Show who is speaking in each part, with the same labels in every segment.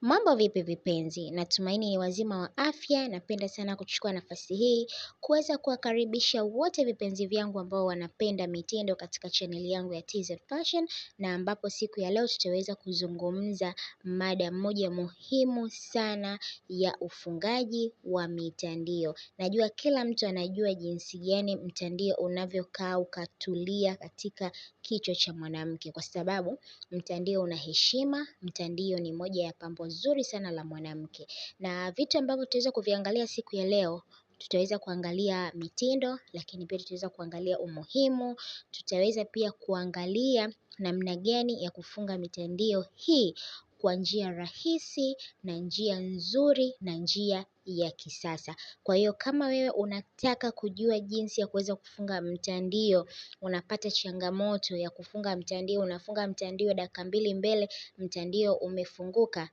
Speaker 1: Mambo vipi vipenzi, natumaini ni wazima wa afya, napenda sana kuchukua nafasi hii, kuweza kuwakaribisha wote vipenzi vyangu ambao wanapenda mitindo katika chaneli yangu ya TZ Fashion na ambapo siku ya leo tutaweza kuzungumza mada moja muhimu sana ya ufungaji wa mitandio. Najua kila mtu anajua jinsi gani mtandio unavyokaa ukatulia katika kichwa cha mwanamke kwa sababu mtandio una heshima, mtandio ni moja ya pambo kwa zuri sana la mwanamke na vitu ambavyo tutaweza kuviangalia siku ya leo tutaweza kuangalia mitindo, lakini pia tutaweza kuangalia umuhimu, tutaweza pia kuangalia namna gani ya kufunga mitandio hii kwa njia rahisi na njia nzuri na njia ya kisasa. Kwa hiyo kama wewe unataka kujua jinsi ya kuweza kufunga mtandio, unapata changamoto ya kufunga mtandio, unafunga mtandio dakika mbili mbele, mtandio umefunguka.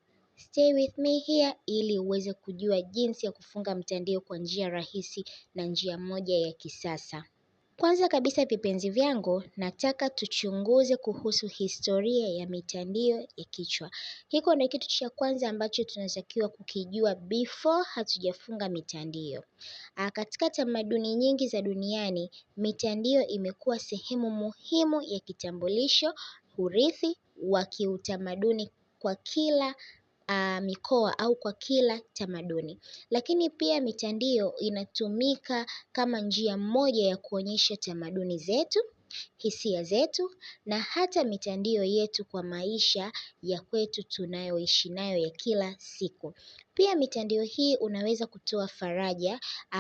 Speaker 1: Stay with me here ili uweze kujua jinsi ya kufunga mtandio kwa njia rahisi na njia moja ya kisasa. Kwanza kabisa vipenzi vyangu, nataka tuchunguze kuhusu historia ya mitandio ya kichwa. Hiko ni kitu cha kwanza ambacho tunatakiwa kukijua before hatujafunga mitandio. Ah, katika tamaduni nyingi za duniani, mitandio imekuwa sehemu muhimu ya kitambulisho, urithi wa kiutamaduni kwa kila mikoa au kwa kila tamaduni. Lakini pia mitandio inatumika kama njia moja ya kuonyesha tamaduni zetu, hisia zetu na hata mitandio yetu kwa maisha ya kwetu tunayoishi nayo ya kila siku. Pia mitandio hii unaweza kutoa faraja,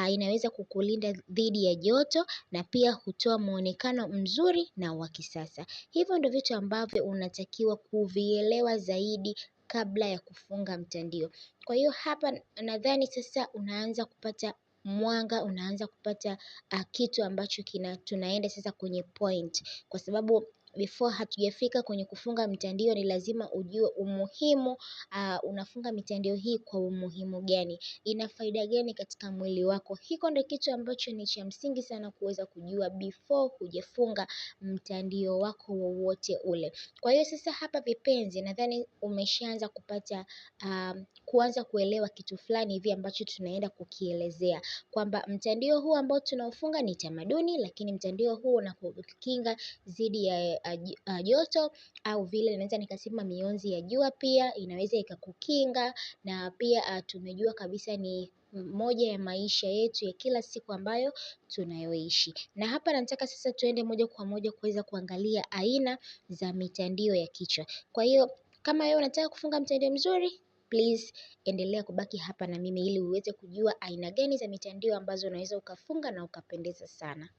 Speaker 1: inaweza kukulinda dhidi ya joto na pia hutoa muonekano mzuri na wa kisasa. Hivyo ndo vitu ambavyo unatakiwa kuvielewa zaidi kabla ya kufunga mtandio. Kwa hiyo hapa nadhani sasa unaanza kupata mwanga, unaanza kupata ah, kitu ambacho kina tunaenda sasa kwenye point kwa sababu before hatujafika kwenye kufunga mtandio ni lazima ujue umuhimu uh, unafunga mitandio hii kwa umuhimu gani, ina faida gani katika mwili wako. Hiko ndo kitu ambacho ni cha msingi sana kuweza kujua before hujafunga mtandio wako wowote ule. Kwa hiyo sasa hapa, vipenzi, nadhani umeshaanza kupata uh, kuanza kuelewa kitu fulani hivi ambacho tunaenda kukielezea kwamba mtandio huu ambao tunaofunga ni tamaduni, lakini mtandio huu unakukinga dhidi ya Ah, joto au vile naweza nikasema mionzi ya jua pia inaweza ikakukinga na pia ah, tumejua kabisa ni moja ya maisha yetu ya kila siku ambayo tunayoishi. Na hapa nataka sasa tuende moja kwa moja kuweza kuangalia aina za mitandio ya kichwa. Kwa hiyo kama wewe unataka kufunga mtandio mzuri please endelea kubaki hapa na mimi ili uweze kujua aina gani za mitandio ambazo unaweza ukafunga na ukapendeza sana.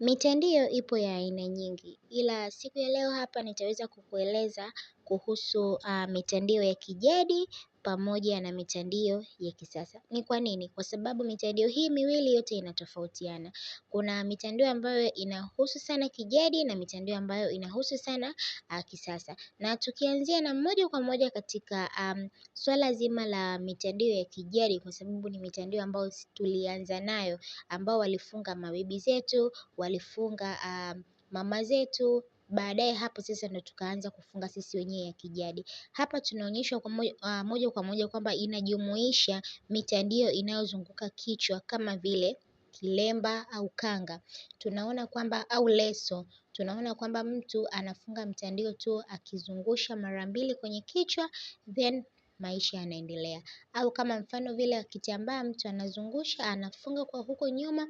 Speaker 1: Mitandio ipo ya aina nyingi ila siku ya leo hapa nitaweza kukueleza kuhusu ah, mitandio ya kijadi pamoja na mitandio ya kisasa. Ni kwa nini? Kwa sababu mitandio hii miwili yote inatofautiana. Kuna mitandio ambayo inahusu sana kijadi na mitandio ambayo inahusu sana uh, kisasa. Na tukianzia na moja kwa moja katika um, swala zima la mitandio ya kijadi kwa sababu ni mitandio ambayo tulianza nayo ambao walifunga mabibi zetu, walifunga um, mama zetu baadaye hapo sasa ndo tukaanza kufunga sisi wenyewe ya kijadi. Hapa tunaonyeshwa ah, moja kwa moja kwamba inajumuisha mitandio inayozunguka kichwa kama vile kilemba au kanga. Tunaona kwamba au leso. Tunaona kwamba mtu anafunga mtandio tu akizungusha mara mbili kwenye kichwa then maisha yanaendelea. Au kama mfano vile kitambaa mtu anazungusha anafunga kwa huko nyuma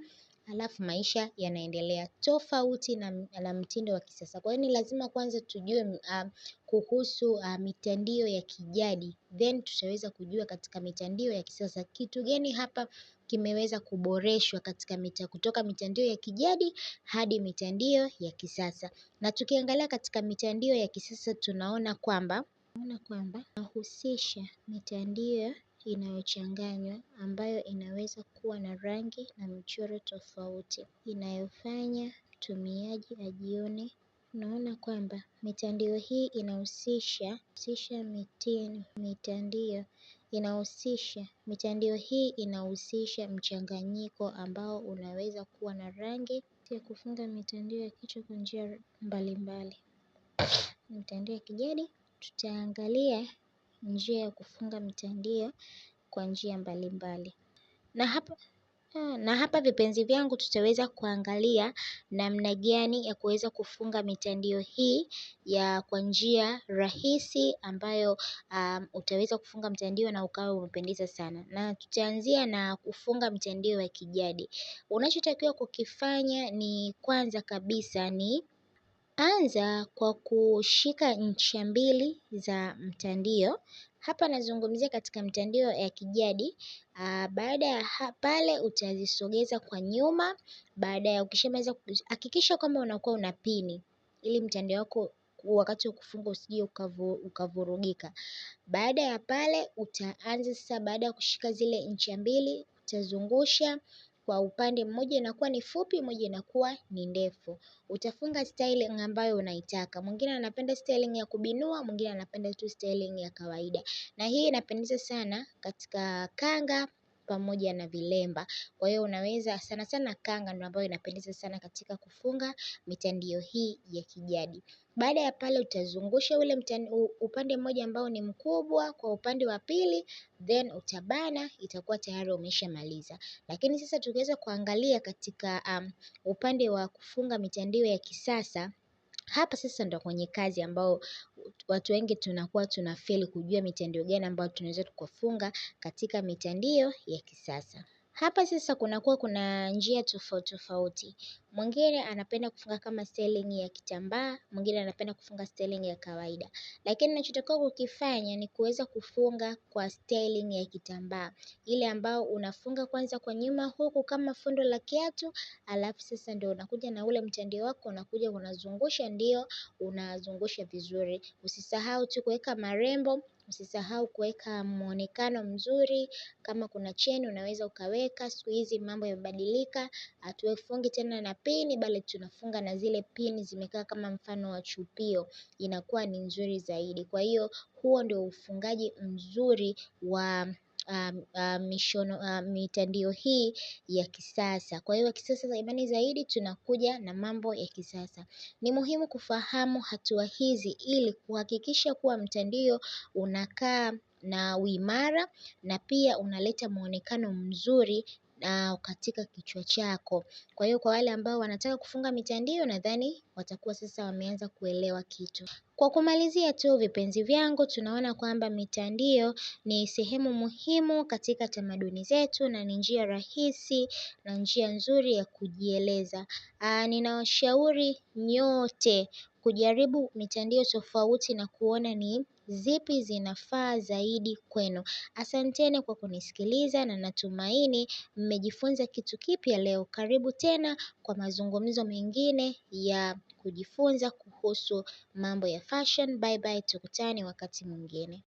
Speaker 1: halafu maisha yanaendelea tofauti na, na mtindo wa kisasa. Kwa hiyo ni lazima kwanza tujue uh, kuhusu uh, mitandio ya kijadi then tutaweza kujua katika mitandio ya kisasa kitu gani hapa kimeweza kuboreshwa katika mita, kutoka mitandio ya kijadi hadi mitandio ya kisasa. Na tukiangalia katika mitandio ya kisasa tunaona kwamba tunaona kwamba nahusisha mitandio inayochanganywa ambayo inaweza kuwa na rangi na michoro tofauti inayofanya mtumiaji ajione. Naona kwamba mitandio hii inahusisha mitandio inahusisha mitandio hii inahusisha mchanganyiko ambao unaweza kuwa na rangi ya kufunga mitandio ya kichwa kwa njia mbalimbali. Mitandio ya kijadi tutaangalia njia ya kufunga mitandio kwa njia mbalimbali. Na hapa vipenzi vyangu tutaweza kuangalia namna gani ya kuweza kufunga mitandio hii ya kwa njia rahisi ambayo um, utaweza kufunga mtandio na ukawa umependeza sana. Na tutaanzia na kufunga mtandio wa kijadi. Unachotakiwa kukifanya ni kwanza kabisa ni Anza kwa kushika ncha mbili za mtandio. Hapa nazungumzia katika mtandio ya kijadi. Ah, baada ya pale utazisogeza kwa nyuma. Baada ya ukishamaliza hakikisha kwamba unakuwa una pini ili mtandio wako wakati wa kufunga usije ukavurugika. Baada ya pale utaanza sasa baada ya kushika zile ncha mbili utazungusha kwa upande mmoja inakuwa ni fupi, moja inakuwa ni ndefu. Utafunga styling ambayo unaitaka. Mwingine anapenda styling ya kubinua, mwingine anapenda tu styling ya kawaida. Na hii inapendeza sana katika kanga pamoja na vilemba. Kwa hiyo unaweza sana sana kanga ndio ambayo inapendeza sana katika kufunga mitandio hii ya kijadi. Baada ya pale utazungusha ule upande mmoja ambao ni mkubwa kwa upande wa pili then utabana itakuwa tayari umeshamaliza. Lakini sasa tukiweza kuangalia katika um, upande wa kufunga mitandio ya kisasa hapa sasa ndo kwenye kazi ambao watu wengi tunakuwa tunafeli kujua mitandio gani ambayo tunaweza tukafunga katika mitandio ya kisasa. Hapa sasa kunakuwa kuna njia tofauti tofauti. Mwingine anapenda kufunga kama styling ya kitambaa, mwingine anapenda kufunga styling ya kawaida. Lakini ninachotakiwa kukifanya ni kuweza kufunga kwa styling ya kitambaa. Ile ambao unafunga kwanza kwa nyuma huku kama fundo la kiatu, alafu sasa ndio unakuja na ule mtandio wako unakuja unazungusha ndio unazungusha vizuri. Usisahau tu kuweka marembo Usisahau kuweka muonekano mzuri, kama kuna cheni unaweza ukaweka. Siku hizi mambo yamebadilika, hatufungi tena na pini bali tunafunga na zile pini zimekaa kama mfano wa chupio, inakuwa ni nzuri zaidi. Kwa hiyo huo ndio ufungaji mzuri wa Um, um, um, mitandio hii ya kisasa. Kwa hiyo kisasa imani zaidi tunakuja na mambo ya kisasa. Ni muhimu kufahamu hatua hizi ili kuhakikisha kuwa mtandio unakaa na uimara na pia unaleta muonekano mzuri katika kichwa chako. Kwa hiyo kwa wale ambao wanataka kufunga mitandio nadhani watakuwa sasa wameanza kuelewa kitu. Kwa kumalizia tu vipenzi vyangu, tunaona kwamba mitandio ni sehemu muhimu katika tamaduni zetu na ni njia rahisi na njia nzuri ya kujieleza. Ninawashauri nyote kujaribu mitandio tofauti na kuona ni zipi zinafaa zaidi kwenu. Asanteni kwa kunisikiliza na natumaini mmejifunza kitu kipya leo. Karibu tena kwa mazungumzo mengine ya kujifunza kuhusu mambo ya fashion. Bye bye tukutane wakati mwingine.